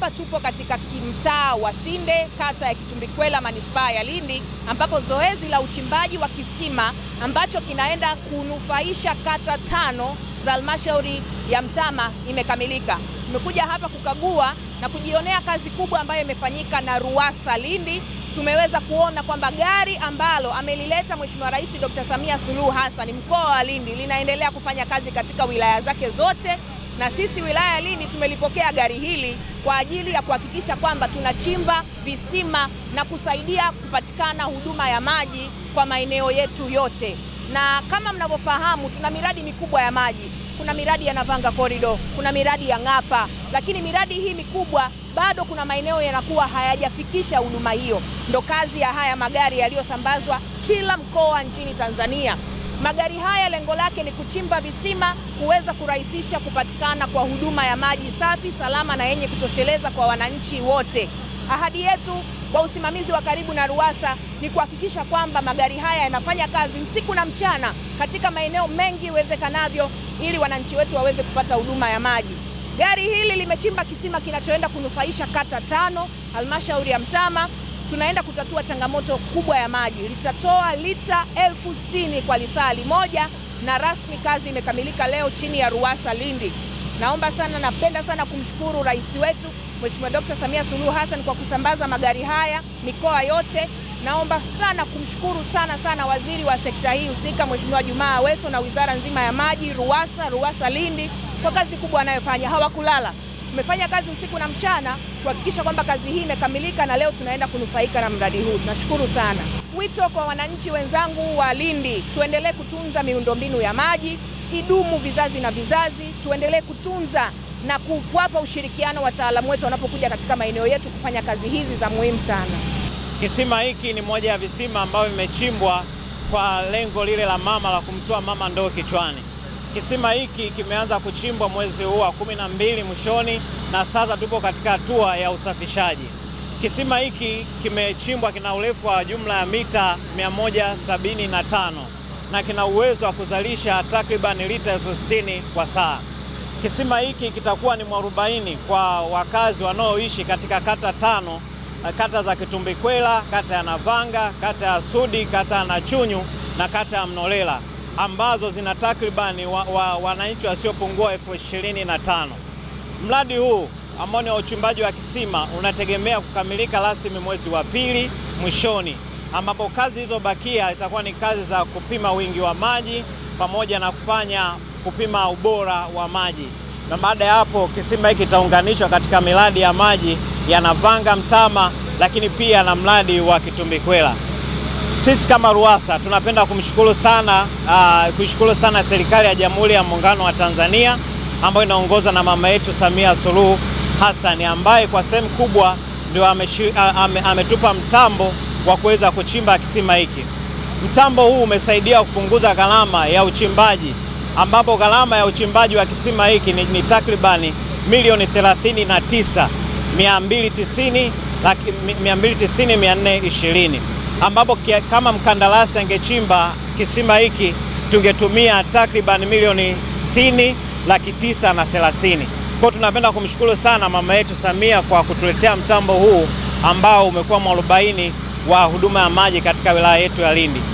Hapa tupo katika kimtaa wa Sinde, kata ya Kitumbikwela, manispaa ya Lindi, ambapo zoezi la uchimbaji wa kisima ambacho kinaenda kunufaisha kata tano za halmashauri ya Mtama imekamilika. Tumekuja hapa kukagua na kujionea kazi kubwa ambayo imefanyika na RUWASA Lindi. Tumeweza kuona kwamba gari ambalo amelileta Mheshimiwa Rais Dr. Samia Suluhu Hassan mkoa wa Lindi linaendelea kufanya kazi katika wilaya zake zote na sisi wilaya Lindi tumelipokea gari hili kwa ajili ya kuhakikisha kwamba tunachimba visima na kusaidia kupatikana huduma ya maji kwa maeneo yetu yote. Na kama mnavyofahamu, tuna miradi mikubwa ya maji. Kuna miradi ya Navanga Corridor, kuna miradi ya Ng'apa, lakini miradi hii mikubwa bado kuna maeneo yanakuwa hayajafikisha huduma hiyo. Ndo kazi ya haya magari yaliyosambazwa kila mkoa nchini Tanzania Magari haya lengo lake ni kuchimba visima kuweza kurahisisha kupatikana kwa huduma ya maji safi, salama na yenye kutosheleza kwa wananchi wote. Ahadi yetu kwa usimamizi wa karibu na RUWASA ni kuhakikisha kwamba magari haya yanafanya kazi usiku na mchana katika maeneo mengi iwezekanavyo, ili wananchi wetu waweze kupata huduma ya maji. Gari hili limechimba kisima kinachoenda kunufaisha kata tano, halmashauri ya Mtama, tunaenda kutatua changamoto kubwa ya maji. Litatoa lita elfu sitini kwa lisali moja, na rasmi kazi imekamilika leo chini ya RUWASA Lindi. Naomba sana, napenda sana kumshukuru rais wetu Mheshimiwa Dkt. Samia Suluhu Hassan kwa kusambaza magari haya mikoa yote. Naomba sana kumshukuru sana sana waziri wa sekta hii husika Mheshimiwa Jumaa Aweso na wizara nzima ya maji, RUWASA, RUWASA Lindi kwa kazi kubwa anayofanya. Hawakulala umefanya kazi usiku na mchana kuhakikisha kwamba kazi hii imekamilika na leo tunaenda kunufaika na mradi huu. Tunashukuru sana. Wito kwa wananchi wenzangu wa Lindi, tuendelee kutunza miundombinu ya maji, idumu vizazi na vizazi. Tuendelee kutunza na kuwapa ushirikiano wataalamu wetu wanapokuja katika maeneo yetu kufanya kazi hizi za muhimu sana. Kisima hiki ni moja ya visima ambavyo vimechimbwa kwa lengo lile la mama la kumtoa mama ndoo kichwani. Kisima hiki kimeanza kuchimbwa mwezi huu wa kumi na mbili mwishoni, na sasa tupo katika hatua ya usafishaji. Kisima hiki kimechimbwa, kina urefu wa jumla ya mita 175 na kina uwezo wa kuzalisha takribani lita elfu sitini kwa saa. Kisima hiki kitakuwa ni mwarobaini kwa wakazi wanaoishi katika kata tano, kata za Kitumbikwela, kata ya Navanga, kata ya Sudi, kata ya Nachunyu na kata ya Mnolela ambazo zina takribani wananchi wa, wa wasiopungua elfu ishirini na tano. Mradi huu ambao ni wa uchimbaji wa kisima unategemea kukamilika rasmi mwezi wa pili mwishoni, ambapo kazi zilizobakia itakuwa ni kazi za kupima wingi wa maji pamoja na kufanya kupima ubora wa maji, na baada ya hapo kisima hiki kitaunganishwa katika miradi ya maji ya Navanga Mtama, lakini pia na mradi wa Kitumbikwela. Sisi kama RUWASA tunapenda kumshukuru sana uh, kuishukuru sana serikali ya Jamhuri ya Muungano wa Tanzania ambayo inaongozwa na mama yetu Samia Suluhu Hassan ambaye kwa sehemu kubwa ndio ametupa ame mtambo wa kuweza kuchimba kisima hiki. Mtambo huu umesaidia kupunguza gharama ya uchimbaji ambapo gharama ya uchimbaji wa kisima hiki ni, ni takribani milioni 39 290 420 ambapo kama mkandarasi angechimba kisima hiki tungetumia takriban milioni sitini laki tisa na thelathini. Kwa tunapenda kumshukuru sana mama yetu Samia kwa kutuletea mtambo huu ambao umekuwa mwarobaini wa huduma ya maji katika wilaya yetu ya Lindi.